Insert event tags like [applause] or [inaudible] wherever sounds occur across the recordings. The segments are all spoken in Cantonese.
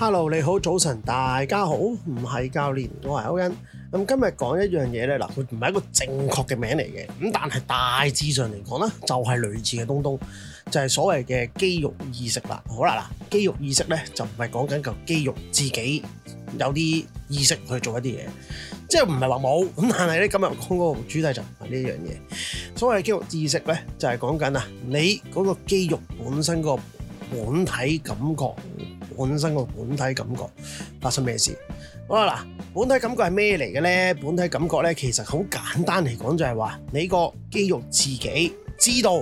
Hello，你好，早晨，大家好。唔係教練，我係歐恩。咁今日講一樣嘢咧，嗱，佢唔係一個正確嘅名嚟嘅。咁但係大致上嚟講咧，就係類似嘅東東，就係所謂嘅肌肉意識啦。好啦，嗱，肌肉意識咧就唔係講緊嚿肌肉自己有啲意識去做一啲嘢，即係唔係話冇。咁但係咧，今日講嗰個主題就唔係呢一樣嘢。所謂肌肉意識咧，就係講緊啊，你嗰個肌肉本身嗰個本體感覺。本身個本體感覺發生咩事？好啦，嗱，本體感覺係咩嚟嘅咧？本體感覺咧，其實好簡單嚟講，就係話你個肌肉自己知道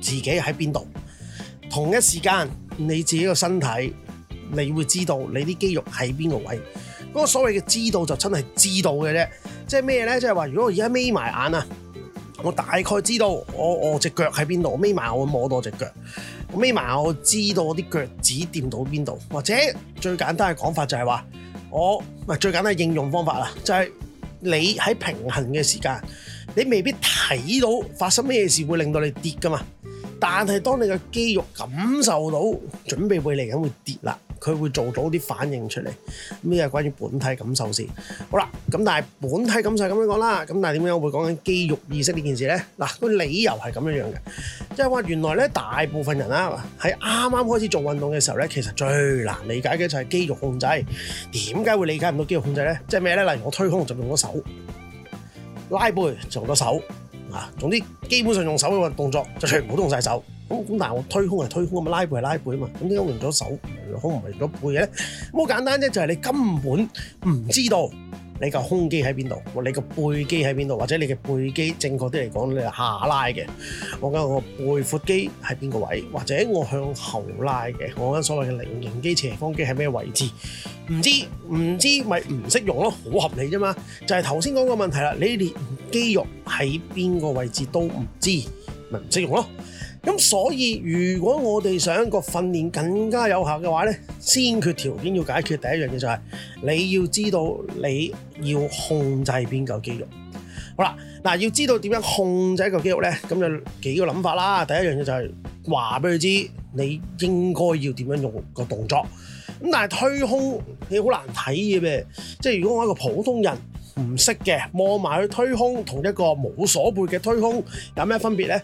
自己喺邊度，同一時間你自己個身體，你會知道你啲肌肉喺邊個位。嗰個所謂嘅知道就真係知道嘅啫，即係咩咧？即係話如果我而家眯埋眼啊，我大概知道我我隻腳喺邊度，眯埋我，我摸到我隻腳。我眯埋我知道我啲腳趾掂到邊度，或者最簡單嘅講法就係話，我最簡最簡單嘅應用方法啦，就係你喺平衡嘅時間，你未必睇到發生咩事會令到你跌噶嘛，但係當你嘅肌肉感受到準備會嚟緊會跌啦。佢會做到啲反應出嚟，咩係關於本體感受先。好啦，咁但係本體感受咁樣講啦，咁但係點樣會講緊肌肉意識呢件事咧？嗱，個理由係咁樣樣嘅，即係話原來咧大部分人啦，喺啱啱開始做運動嘅時候咧，其實最難理解嘅就係肌肉控制。點解會理解唔到肌肉控制咧？即係咩咧？例如我推胸就用咗手，拉背就用咗手，啊，總之基本上用手嘅動作就全部都用曬手。咁咁但係我推胸係推胸啊嘛，拉背係拉背啊嘛，咁點解用咗手？胸唔係嗰背嘅，咁好簡單啫，就係你根本唔知道你個胸肌喺邊度，你個背肌喺邊度，或者你嘅背肌正確啲嚟講，你係下拉嘅，我講我背闊肌喺邊個位，或者我向後拉嘅，我講所謂嘅菱形肌、斜方肌喺咩位置，唔知唔知咪唔識用咯，好合理啫嘛，就係頭先講個問題啦，你連肌肉喺邊個位置都唔知，咪唔識用咯。咁所以，如果我哋想個訓練更加有效嘅話呢，先決條件要解決第一樣嘢就係，你要知道你要控制邊個肌肉。好啦，嗱，要知道點樣控制一個肌肉呢，咁有幾個諗法啦。第一樣嘢就係話俾佢知，你應該要點樣用個動作。咁但係推胸，你好難睇嘅咩？即係如果我一個普通人唔識嘅，望埋去推胸同一個冇鎖背嘅推胸，有咩分別呢？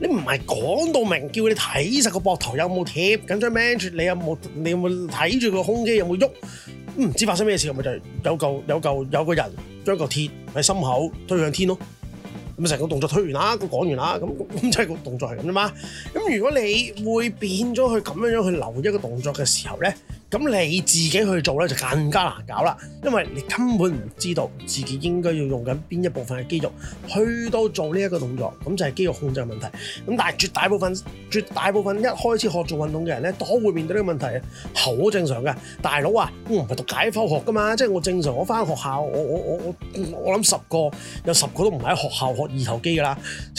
你唔係講到明，叫你睇實個膊頭有冇貼，咁張 mat 你有冇？你有冇睇住個胸肌有冇喐？唔知發生咩事？咪就係、有嚿有嚿有個人將個鐵喺心口推向天咯。咁咪成個動作推完啦，個講完啦，咁咁即係個動作係咁啫嘛。咁如果你會變咗去咁樣樣去留一個動作嘅時候咧？咁你自己去做咧就更加難搞啦，因為你根本唔知道自己應該要用緊邊一部分嘅肌肉去到做呢一個動作，咁就係肌肉控制問題。咁但係絕大部分、絕大部分一開始學做運動嘅人咧，都會面對呢個問題，好正常嘅。大佬啊，我唔係讀解剖學噶嘛，即係我正常我翻學校，我我我我我諗十個有十個都唔喺學校學二頭肌噶啦。 [laughs]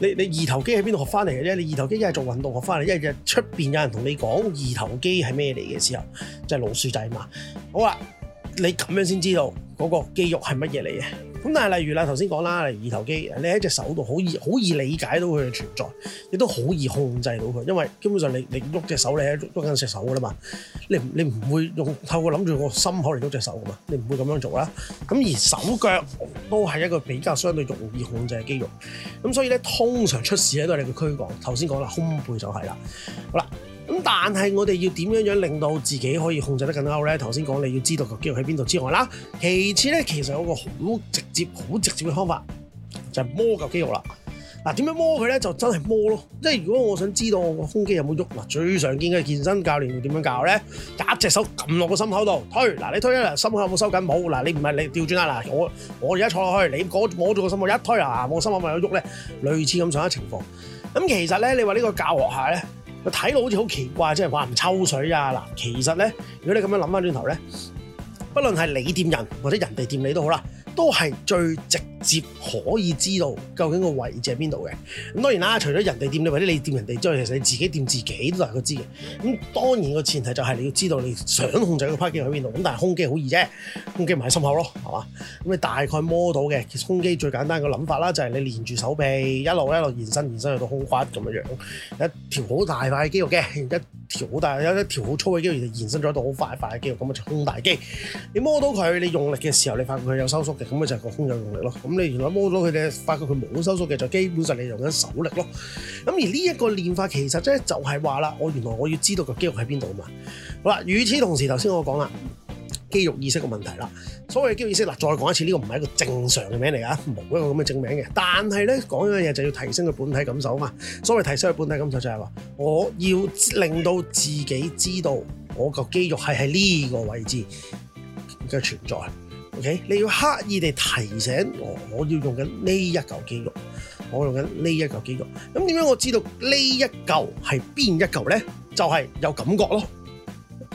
你你二頭肌喺邊度學翻嚟嘅啫？你二頭肌一係做運動學翻嚟，一係就出面有人同你講二頭肌係咩嚟嘅時候。就係老鼠仔嘛，好啦，你咁樣先知道嗰個肌肉係乜嘢嚟嘅。咁但係例如啦，頭先講啦，二頭肌，你喺隻手度好易好易理解到佢嘅存在，亦都好易控制到佢，因為基本上你你喐隻手，你喺喐緊隻手噶啦嘛，你你唔會用透過諗住個心口嚟喐隻手噶嘛，你唔會咁樣做啦。咁而手腳都係一個比較相對容易控制嘅肌肉，咁所以咧通常出事咧都係你嘅軀幹，頭先講啦，胸背就係啦，好啦。咁但係我哋要點樣樣令到自己可以控制得更好咧？頭先講你要知道個肌肉喺邊度之外啦，其次咧其實有一個好直接、好直接嘅方法就係、是、摸嚿肌肉啦。嗱、啊，點樣摸佢咧？就真係摸咯。即係如果我想知道我個胸肌有冇喐，嗱，最常見嘅健身教練會點樣教咧？就一隻手撳落個心口度推。嗱，你推啊，心口有冇收緊？冇。嗱，你唔係你調轉啦，嗱，我我而家坐落去，你摸住個心口一推啊，我心口咪有喐咧？類似咁上下情況。咁、啊、其實咧，你話呢個教學下咧？看睇到好似好奇怪，即係話唔抽水啊！嗱，其實呢，如果你咁樣諗翻轉頭呢，不論係你掂人或者人哋掂你都好啦，都係最值的。直接可以知道究竟個位置喺邊度嘅。咁當然啦，除咗人哋掂你，或者你掂人哋之外，其實你自己掂自己都大概知嘅。咁當然個前提就係你要知道你想控制個塊肌肉喺邊度。咁但係胸肌好易啫，胸肌唔喺心口咯，係嘛？咁你大概摸到嘅，其實胸肌最簡單個諗法啦，就係你連住手臂一路一路延伸延伸去到胸骨咁樣樣，一條好大塊嘅肌肉嘅，一條好大有一條好粗嘅肌肉延伸咗一度好快塊嘅肌肉，咁咪就胸大肌。你摸到佢，你用力嘅時候，你發覺佢有收縮嘅，咁咪就係個胸有用力咯。咁你原來摸到佢哋，發覺佢冇收縮嘅，就基本上你用緊手力咯。咁而呢一個練法其實咧，就係話啦，我原來我要知道個肌肉喺邊度啊嘛。好啦，與此同時，頭先我講啦，肌肉意識嘅問題啦。所謂肌肉意識，嗱，再講一次，呢個唔係一個正常嘅名嚟啊，冇一個咁嘅正名嘅。但係咧，講一樣嘢就要提升佢本體感受啊嘛。所謂提升佢本體感受就係話，我要令到自己知道我個肌肉係喺呢個位置嘅存在。OK，你要刻意地提醒我、哦，我要用緊呢一嚿肌肉，我用緊呢一嚿肌肉。咁點樣我知道這一是哪一呢一嚿係邊一嚿咧？就係、是、有感覺咯，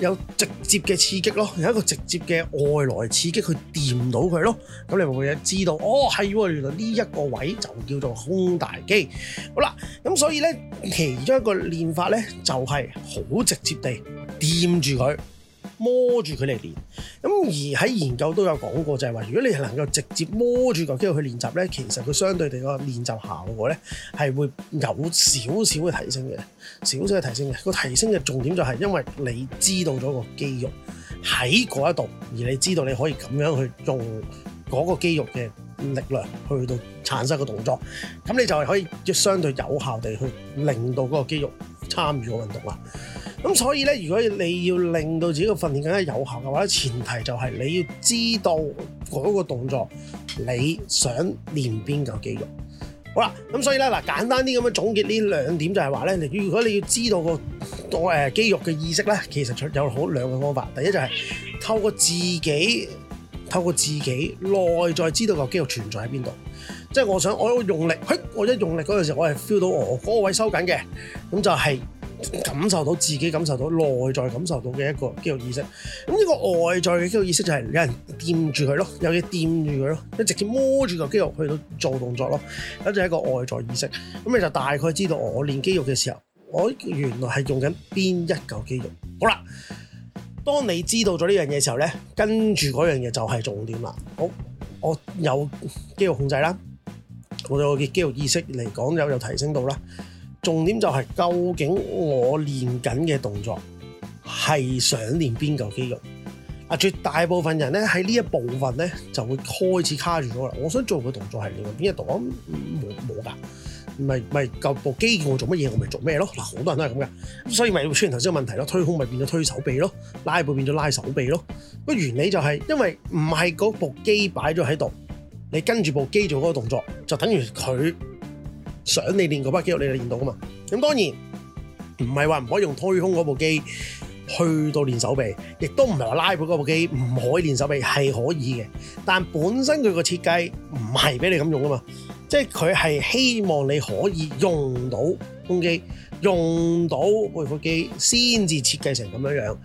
有直接嘅刺激咯，有一個直接嘅外來刺激去掂到佢咯。咁你咪會知道？哦，係喎，原來呢一個位就叫做胸大肌。好啦，咁所以咧，其中一個練法咧就係、是、好直接地掂住佢。摸住佢嚟練，咁而喺研究都有講過，就係，就係話如果你係能夠直接摸住個肌肉去練習咧，其實佢相對地個練習效果咧係會有少少嘅提升嘅，少少嘅提升嘅。個提升嘅重點就係因為你知道咗個肌肉喺嗰一度，而你知道你可以咁樣去用嗰個肌肉嘅力量去到產生個動作，咁你就係可以即相對有效地去令到嗰個肌肉參與個運動啦。咁所以咧，如果你要令到自己嘅訓練更加有效嘅話咧，前提就係你要知道嗰個動作你想練邊個肌肉。好啦，咁所以咧嗱，簡單啲咁樣總結呢兩點就係話咧，你如果你要知道、嗰個呃、肌肉嘅意識咧，其實有好兩個方法。第一就係透過自己，透過自己內在知道個肌肉存在喺邊度。即係我想我用力，嘿、哎，我一用力嗰陣時，我係 feel 到哦，嗰個位收緊嘅，咁就係。感受到自己感受到內在感受到嘅一個肌肉意識，咁呢個外在嘅肌肉意識就係有人掂住佢咯，有嘢掂住佢咯，你直接摸住個肌肉去到做動作咯，咁就係一個外在意識，咁你就大概知道我練肌肉嘅時候，我原來係用緊邊一嚿肌肉。好啦，當你知道咗呢樣嘢嘅時候咧，跟住嗰樣嘢就係重點啦。好，我有肌肉控制啦，我我嘅肌肉意識嚟講有有提升到啦。重點就係、是，究竟我練緊嘅動作係想練邊嚿肌肉？啊，絕大部分人咧喺呢在這一部分咧就會開始卡住咗啦。我想做嘅動作係練邊一度，冇冇噶？唔係唔係部機叫我做乜嘢，我咪做咩咯？嗱，好多人都係咁噶，所以咪會出現頭先嘅問題咯。推胸咪變咗推手臂咯，拉背變咗拉手臂咯。個原理就係、是，因為唔係嗰部機擺咗喺度，你跟住部機做嗰個動作，就等於佢。想你練嗰把肌肉，你就練到噶嘛。咁當然唔係話唔可以用推胸嗰部機去到練手臂，亦都唔係話拉背嗰部機唔可以練手臂係可以嘅。但本身佢個設計唔係俾你咁用噶嘛，即係佢係希望你可以用到胸肌，用到背闊肌，先至設計成咁樣樣。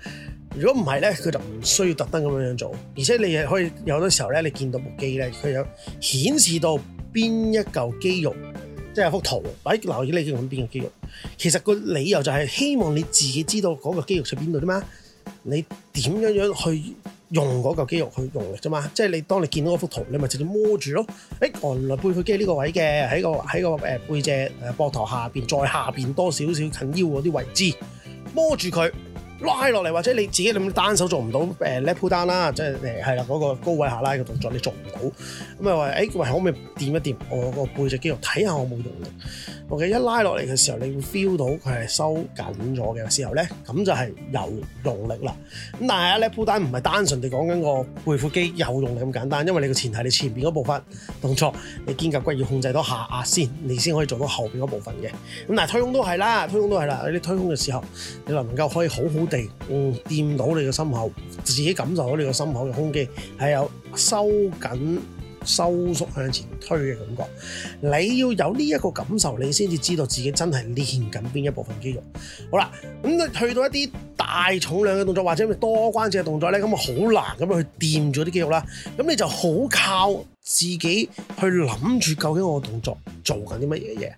如果唔係咧，佢就唔需要特登咁樣樣做。而且你又可以有好多時候咧，你見到部機咧，佢有顯示到邊一嚿肌肉。即係幅圖，哎，留意你揾邊個肌肉？其實個理由就係希望你自己知道嗰個肌肉喺邊度啫嘛。你點樣樣去用嗰個肌肉去用啫嘛？即係你當你見到幅圖，你咪直接摸住咯。哎，原來背闊肌呢個位嘅喺個喺個誒、呃、背脊誒膊、呃、頭下邊，再下邊多少少近腰嗰啲位置摸住佢，拉落嚟，或者你自己咁單手做唔到誒 lat pull down 啦，即係誒係啦，嗰個高位下拉嘅動作你做唔到，咁又話誒，喂，可唔可以掂一掂我個背脊肌肉，睇下我冇用。ok 一拉落嚟嘅時候，你會 feel 到佢係收緊咗嘅時候咧，咁就係有用力啦。咁但係咧 pull down 唔係單純地講緊個背腹肌有用力咁簡單，因為你個前提，你前面嗰部分動作，你肩胛骨要控制到下壓先，你先可以做到後面嗰部分嘅。咁但係推胸都係啦，推胸都係啦，你推胸嘅時候，你能夠可以好好地嗯掂到你個心口，自己感受到你個心口嘅胸肌係有收緊。收縮向前推嘅感覺，你要有呢一個感受，你先至知道自己真係練緊邊一部分肌肉好了。好啦，咁你去到一啲大重量嘅動作或者多關節嘅動作咧，咁啊好難咁去掂住啲肌肉啦。咁你就好靠自己去諗住究竟我個動作做緊啲乜嘢嘢，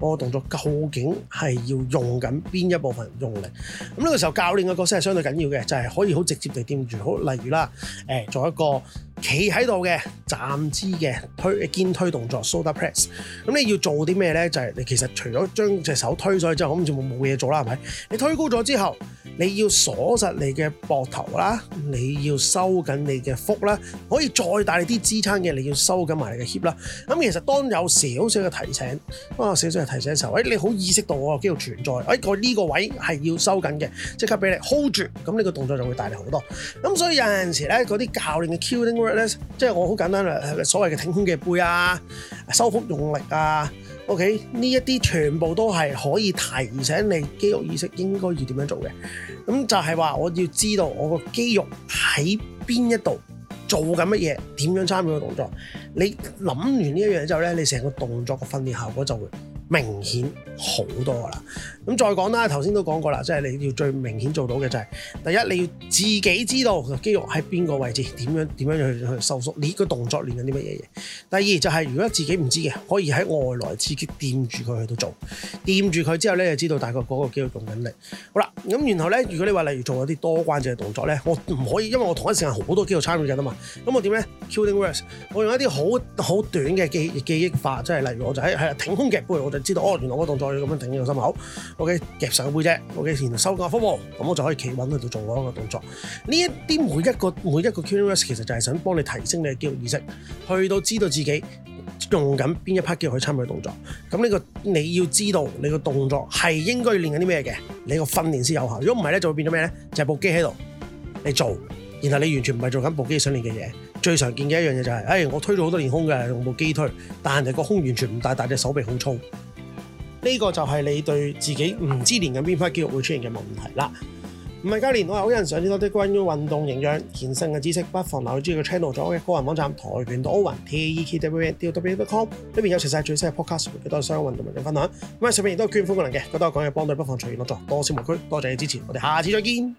我、個動作究竟係要用緊邊一部分用力。咁呢個時候教練嘅角色係相對緊要嘅，就係、是、可以好直接地掂住。好，例如啦，欸、做一個。企喺度嘅站姿嘅推肩推動作 soda press，咁你要做啲咩咧？就係、是、你其實除咗將隻手推上去之後，咁就冇嘢做啦，係咪？你推高咗之後，你要鎖實你嘅膊頭啦，你要收緊你嘅腹啦，可以再大力啲支撐嘅，你要收緊埋你嘅 hip 啦。咁其實當有少少嘅提醒，啊，少少嘅提醒嘅時候，誒、哎、你好意識到我肌肉存在，誒我呢個位係要收緊嘅，即刻俾你 hold 住，咁呢個動作就會大力好多。咁所以有陣時咧，嗰啲教練嘅即係我好簡單啦，所謂嘅挺胸嘅背啊，收腹用力啊，OK 呢一啲全部都係可以提醒你肌肉意識應該要點樣做嘅。咁就係話我要知道我個肌肉喺邊一度做緊乜嘢，點樣參與個動作。你諗完呢一樣之後咧，你成個動作嘅訓練效果就會。明顯好多噶啦，咁再講啦，頭先都講過啦，即係你要最明顯做到嘅就係第一，你要自己知道肌肉喺邊個位置，點樣點樣去去收縮，你個動作練緊啲乜嘢嘢。第二就係如果自己唔知嘅，可以喺外來刺激掂住佢去度做，掂住佢之後咧，就知道大概嗰個肌肉用緊力。好啦，咁然後咧，如果你話例如做咗啲多關節嘅動作咧，我唔可以，因為我同一時間好多肌肉參與緊啊嘛，咁我點咧？cueing words，我用一啲好好短嘅記記憶法，即係例如我就喺係挺胸夾背，我就。知道哦，原來我個動作我要咁樣頂住個心口，OK 夾上個背脊，OK 然後收個腹，咁我就可以企穩喺度做我一個動作。呢一啲每一個每一個 cue 其實就係想幫你提升你嘅肌肉意識，去到知道自己用緊邊一 part 肌肉去參與動作。咁呢個你要知道你個動作係應該要練緊啲咩嘅，你個訓練先有效。如果唔係咧，就會變咗咩咧？就係部機喺度你做，然後你完全唔係做緊部機想練嘅嘢。最常見嘅一樣嘢就係，哎，我推咗好多年胸嘅，用部機推，但係個胸完全唔大，但隻手臂好粗。呢個就係你對自己唔知練緊邊塊肌肉會出現嘅問題啦。唔係加年我係好想知多啲關於運動營養健身嘅知識，不妨留意住個 channel，嘅個人網站跆拳道奧運 t e k w n d w dot com，裏邊有齊曬最新嘅 podcast，亦都係相關運動文章分享。咁啊，上面亦都係捐款功能嘅，覺得我講嘢幫到，不妨隨緣落座，多謝無拘，多謝你支持，我哋下次再見。